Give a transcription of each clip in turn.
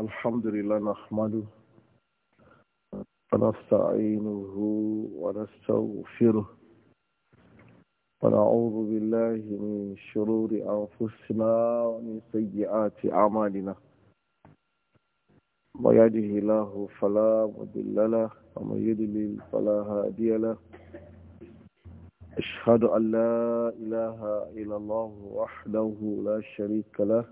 الحمد لله نحمده ونستعينه ونستغفره ونعوذ بالله من شرور أنفسنا ومن سيئات أعمالنا ما يهده الله فلا مضل له وما يضلل فلا هادي له أشهد أن لا إله إلا الله وحده لا شريك له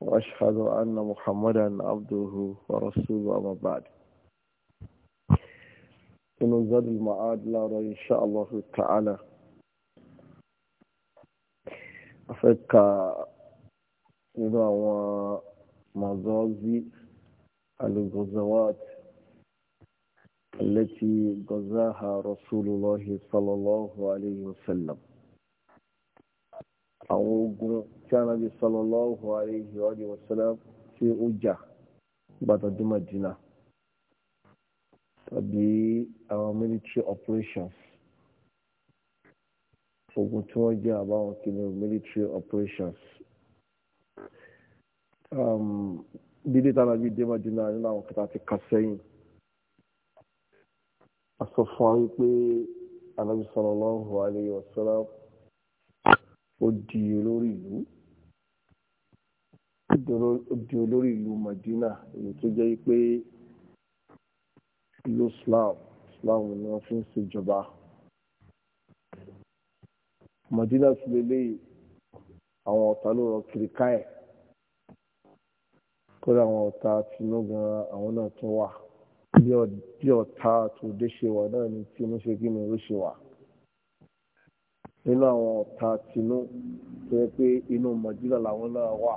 وأشهد أن محمدا عبده ورسوله أما بعد إن زاد المعاد لارا إن شاء الله تعالى أفكا إذا هو مزازي الغزوات التي غزاها رسول الله صلى الله عليه وسلم أوغو tí Ànábì sallallahu alayhi wa sallam tí ó jà gbàtọ̀dún Madina tàbí àwọn military operations ogun tí wọ́n jẹ́ àbáwọn kìíní military operations dídí um, tí Ànábì dé Madina nínú àwọn kẹta ti kà sẹ́yìn a sọ fún wa wípé Ànábì sallallahu alayhi wa sallam ó di olórí ìlú di olórí ìlú Madina èyí tó jẹ́ pé ìlú Islam Islam ni wọ́n fi ń ṣèjọba Madina sì lélẹ́yìí àwọn ọ̀tá ló rọ kiri káyẹ̀ kódà àwọn ọ̀tá tinú àwọn náà tún wà bí ọ̀tá tòde ṣe wà náà ni tinú ṣe kí ni ó ṣe wà nínú àwọn ọ̀tá tinú tó yẹ pé inú Madina làwọn náà wà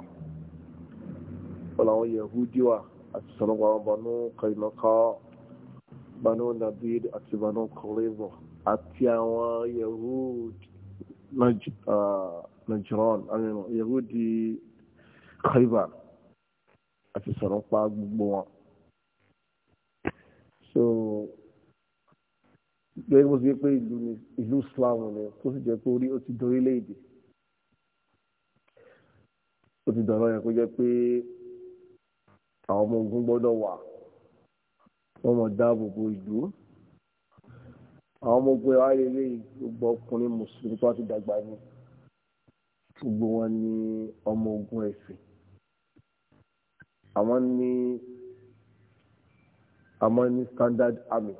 ọ̀làwọn yahudi wa àti sọ̀rọ̀gbà banu kainaka banu nadir àti banu kọrẹ́bọ̀ àti àwọn yahudi najran yahudi khaybar àti sọ̀rọ̀pá gbogbo wọn. so gẹ́gẹ́ bó ti jẹ́ pé ìlú ni ìlú Islam ni tó sì jẹ́ pé orí ó ti dorílẹ̀-èdè ó ti dọ̀rọ̀ yẹn kó jẹ́ pé àwọn ọmọ ogun gbọ́dọ̀ wà wọ́n mọ̀ dáàbò bo ìlú àwọn ọmọ ogun ẹ̀wá lélẹ̀ gbogbo ọkùnrin mùsùlùmí tó wá ti dàgbà ni gbogbo wọn ní ọmọ ogun ẹ̀sìn àwọn ní àwọn ní standard army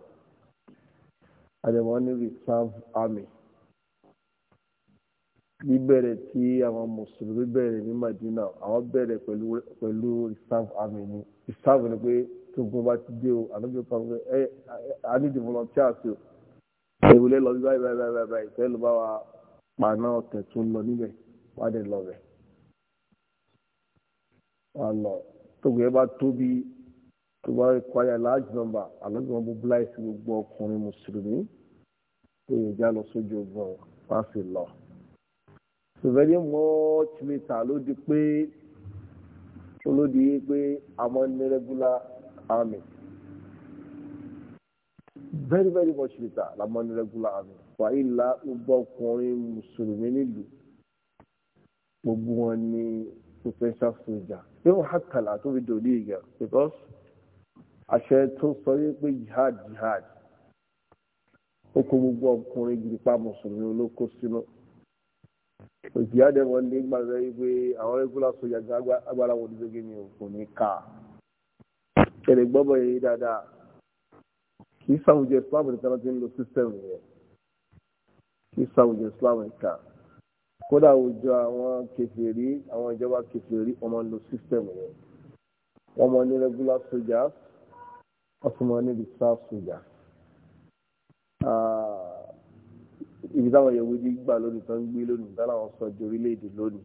àdẹ̀wọ̀n ní reserve army bíbẹ̀rẹ̀ tí àwọn mùsùlùmí bẹ̀rẹ̀ ní Madina àwọn bẹ̀rẹ̀ pẹ̀lú pẹ̀lú reserve army ni reserve ni pé tógun bá ti dé o ànábi ó pàmò ẹ a ní volunteers o ìwúlẹ̀ lọ bí báyìí báyìí báyìí báyìí ìfẹ́ ló bá wa paná ọ̀tẹ̀ tó ń lọ níbẹ̀ wá dé lọ bẹ̀. wà á lọ tógun yẹn bá tóbi tó bá kwaya large number ànábi wọn bó bláìsì gbogbo ọkùnrin mùsùlùmí tó yẹ já lọ sójú ogun wọn fásitì lọ so very much later ló di pé ló di pé àmọ́ ní regular army very very much later làmọ́ ní regular army wàhálà gbogbo ọkùnrin mùsùlùmí nílùú gbogbo wọn ní potential soldier yóò hàkàlà tó fi dòdì ìgbà because àṣẹ tó sọ wípé jihad jihad ó kó gbogbo ọkùnrin gidi pa mùsùlùmí olóko sínú. No? òṣìyàdẹ wọn ní gbàgbé wípé àwọn regular soldiers agbára wọn dídógé ni kò ní ká kẹlẹ gbọbọ yìí dáadáa kì í sàwùjọ islam nìkan ti ń lo system yẹn kì í sàwùjọ islam nìkan kódà àwùjọ àwọn kèfèrí àwọn ìjọba kèfèrí wọn máa ń lo system yẹn wọn máa ní regular soldiers wọn sì máa ní reserve soldiers ibi táwọn Yahudi gbà lónìí tán ń gbé lónìí tán láwọn sọ ju orílẹ̀-èdè lónìí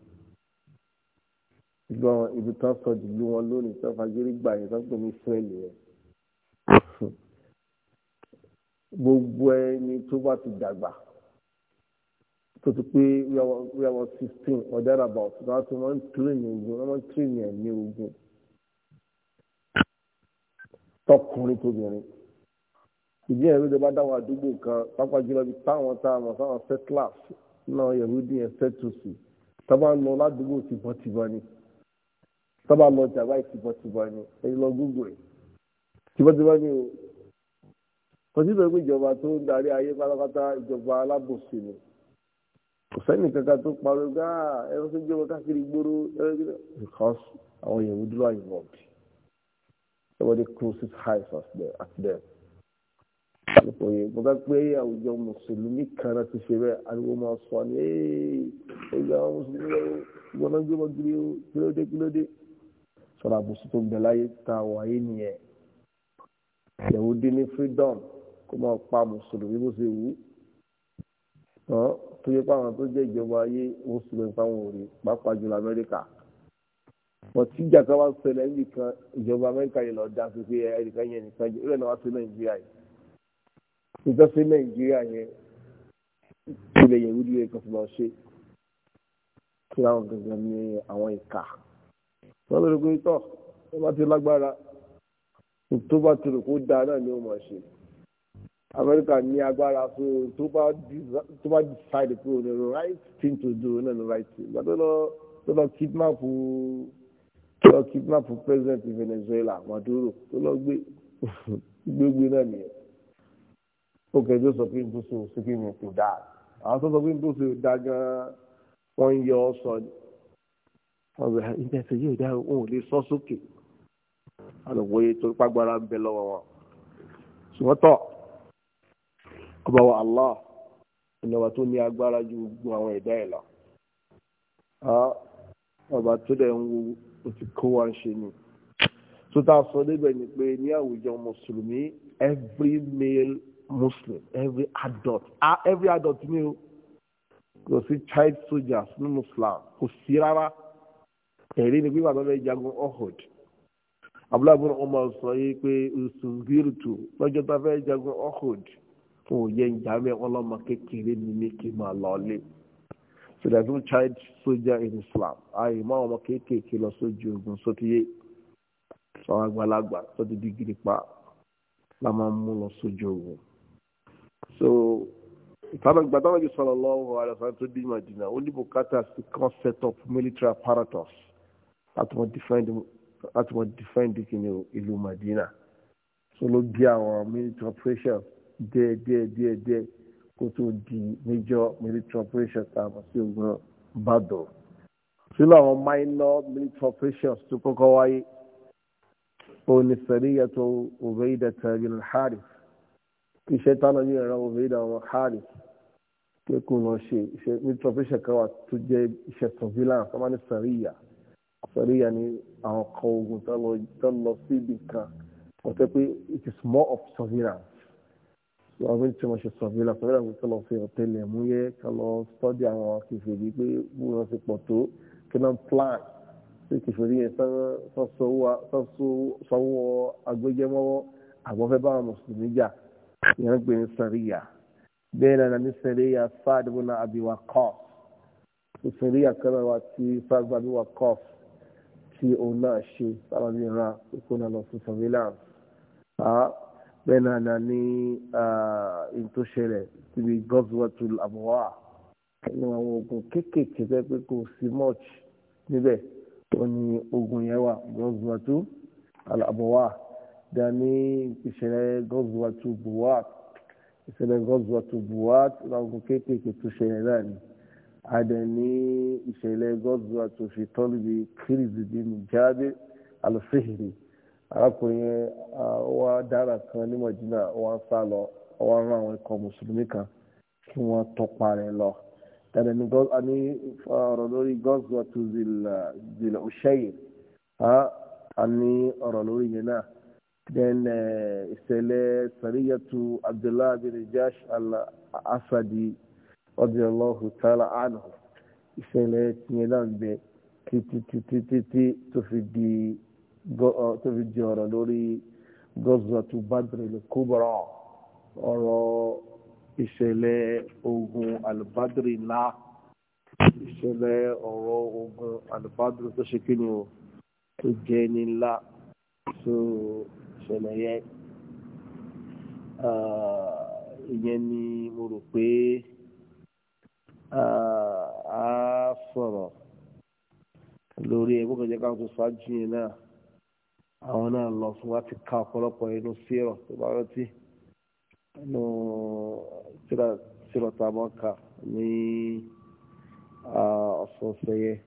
gbọ́n ibi tán sọ jù lú wọn lónìí tán fagiri gbà yẹn tán pè ní Ísírẹ́lì yẹn gbogbo ẹni tó bá ti dàgbà tó ti pé wíwá wọn sixteen or there about wọn ti wọn ń tírìnì ogun wọn ń tírìnì ẹ̀ ní ogun tọkùnrin tóbìnrin ìdí ẹ̀rọ ìjọba dáwọn àdúgbò kan pápá jùlọ bí táwọn táwọn táwọn settlers náà yẹ̀wúdí yẹn sẹ́tùsì tábà lọ ládùúgbò tìbọ̀tìbọ̀ ni tábà lọ jàgbá ìtìbọ̀tìbọ̀ ni ẹ̀yin lọ gúgù ẹ̀ tìbọ̀tìbọ̀ ni o kò sí ìtọ́jú pé ìjọba tó ń darí ayé pátápátá ìjọba alábòsí ni kò sẹ́ni kankan tó parọ́ gáà ẹ̀rọ tó jẹ́wọ́ káàkiri gbóró ẹ̀rọ because àwọn yẹ̀wúdí lọ́ involved everybody closes eyes at them òye mo bá pé àwùjọ mùsùlùmí kan náà ti ṣe bẹ́ẹ̀ ariwo máa sọ ni ee ẹgbẹ́ àwọn mùsùlùmí lọ́wọ́ ìgbọ́n náà gbébọn kiri o kílódé kílódé sọ̀rọ̀ àbùsù tó bẹ̀ láyé ta wáyé nìyẹn ìyàwó dín ní freedom kó máa pa mùsùlùmí bó ṣe wù ú tó yẹ fáwọn tó jẹ́ ìjọba ayé mùsùlùmí fáwọn òrè pàápàá jùlọ Amẹ́ríkà wọ́n ti jàkọ́ wá ṣẹlẹ̀ níbi kan ìjọba Amẹ́ríkà yìí lọ́ọ́ dá sí pé ẹnìkan yẹn nìkan jẹ́ ìrẹ́lẹ̀ wá sí Nàìjíríà yìí ìjọ sí nàìjíríà yẹn ilẹ̀ yẹ̀wúdí yẹn kan fi máa ṣe kí àwọn gangan ní àwọn ìka wọ́n lórí pé tọ́ wọ́n bá ti lágbára tó bá ti rò kó dáa náà ni ó máa ṣe amẹ́ríkà ní agbára fún tó bá decide pé o ní the right thing to do náà ní right thing gbàtọ́ lọ tó lọ kidnap lọ kidnap president Venezuela Maduro tó lọ gbé gbégbé náà nìyẹn ó kẹjọ sọ pé nítòsí òsì kí ni kò dáa àwọn tó sọ pé nítòsí dá gan wọn ń yọ ọ sọ ni wọn bẹ ìtẹsẹ yóò dá òun ò lè sọ sókè àwọn òwòye tó pàgbára ń bẹ lọ́wọ́ wọn ṣùgbọ́n tọ̀ ọba wa Allah ìnáwó tó ní agbára ju gbogbo àwọn ẹ̀dá ẹ̀ lọ ọba tó dẹ̀ ń wo òtí kó wá ń ṣe ni tó tá a sọ débẹ̀ ni pé ní àwùjọ mùsùlùmí every male muslim every adult ah, every adult ni o kò sí child soldiers nínú Muslim, kò sí rárá ẹ̀rí ni gbígbà tó fẹ́ jagun ohud abúlábùn ọmọ sọ yìí pé ṣùgbìrìtù lọ́jọ́ tó fẹ́ jagun ohud kò yẹ njàmẹ́ ọlọ́mọ kékeré ni ní kí n máa lọ so there is no child soldier in islam ayé máa ọmọ kéékèèké lọ sójú ogun sótìyé sọ àgbàlagbà sọ di gidi pa la máa mú lọ sójú ogun so ìgbà táwọn ju sallallahu alaihi wasallam tó dé Madina ó ní bùkátà sí kan set up military apparatus láti wọn defend láti wọn defend kìíní ìlú Madina so ló gbé àwọn military operation díẹ̀ díẹ̀ díẹ̀ díẹ̀ kó tó di major military operation tá a mọ̀ sí ogun Badr sílẹ̀ àwọn minor military operations tó kọ́kọ́ wáyé òun ni sẹ̀ríyà tó Ubaydah bin al-Harith kí iṣẹ́ tánà yìí ẹ̀rọ òbí ìdá wọn hárì kí kò lọ ṣe iṣẹ́ nítorí pé tó jẹ́ iṣẹ́ surveillance wọ́n ní sàríyà sàríyà ni àwọn kan ogun tó lọ sí ibì kan wọ́n tẹ́ pé it is more of surveillance wọ́n fi ń tí wọ́n ṣe surveillance surveillance tó lọ fi ọ̀tẹlẹ̀ mú yẹ ká lọ study àwọn kìfèrí pé bí wọ́n ti pọ̀ tó kí náà plan pé kìfèrí yẹn sọ́wọ́ agbẹ́jẹ́mọ́wọ́ àgbọ̀fẹ́ báwọn mùsùlùmí jà ìyẹn gbé ní sàríyà bẹ́ẹ̀ náà ní sàríyà fáàdùbù náà àbíwá kọ́f sàríyà kan náà wà tí àbíwá kọ́f tí òun náà ṣe sábàbí ra ikú náà lọ fún surveillance bẹ́ẹ̀ náà ní ìtòṣẹlẹ̀ síbi gọ́sùwẹ̀tù àbúwá nínú àwọn ogun kéékèèké bẹ́ẹ̀ pé kò sí much níbẹ̀ ó ní ogun yẹn wà gọ́sùwẹ̀tù àbúwá dání ìṣẹ̀lẹ̀ gọ́ọ̀zùwà tó buwat ìṣẹ̀lẹ̀ gọ́ọ̀zùwà tó buwat láwọn kéékèèké tó ṣẹlẹ̀ náà ni adẹ̀ní ìṣẹ̀lẹ̀ gọ́ọ̀zùwà tó fi tọ́lùbí kírìzìdínì jáde alùfẹ́hìrì arákùnrin wa dára kan ní mọ̀jìnà wa ń sá lọ wa ń rán àwọn ikọ̀ mùsùlùmí kan kí wọ́n tọpa rẹ̀ lọ dàdẹ̀ ní ọ̀rọ̀ lórí gọ́ọ̀zùwà tó zìlà òṣèyí a ní ọ̀rọ̀ lórí yẹn náà then ìṣẹ̀lẹ̀ uh, sariyatu abdullahi bin jash al-asadi radiyallahu ta'ala anhu ìṣẹ̀lẹ̀ tiẹ̀ náà bẹ títítítítí tó fi di ọ̀rọ̀ lórí gọ́zọ̀tù badr al-kubra ọ̀rọ̀ ìṣẹ̀lẹ̀ ogun al-badri ńlá ìṣẹ̀lẹ̀ ọ̀rọ̀ ogun al-badri tó ṣe o tó jẹ́ ní so ìṣẹ̀lẹ̀ yẹn ìyẹn ni mo rò pé a sọ̀rọ̀ lórí ẹ̀ gbọ́dọ̀ jẹ́ ká tó ṣáájú yẹn náà àwọn náà lọ fún wa ti ka ọ̀pọ̀lọpọ̀ inú sírọ̀ tó bá rántí inú sírọ̀ tá a mọ̀ kà ní ọ̀sọ̀ọ̀sẹ̀ yẹn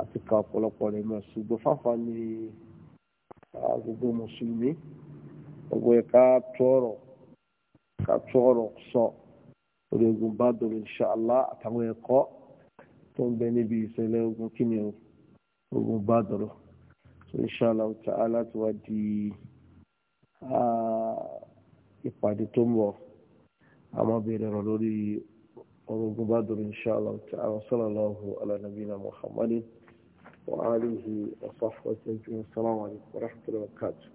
àti ka ọ̀pọ̀lọpọ̀ rẹ̀ mọ̀ ṣùgbọ́n fáfá ni gbogbo mùsùlùmí gbogbo ẹ̀ ká tọrọ ká tọrọ sọ orí ogun bá dòrò inṣàlá àtàwọn ẹ̀kọ́ tó ń bẹ níbi ìṣẹ̀lẹ̀ ogun kí ni ogun bá dòrò so inṣàlá ta'ala ti wá di ìpàdé tó ń bọ̀ àmọ́ bèèrè rọ lórí ọ̀rọ̀ ogun bá dòrò inṣàlá ta'ala sallallahu ala nabina muhammadin. وآله وصحبه وسلم السلام عليكم ورحمة الله وبركاته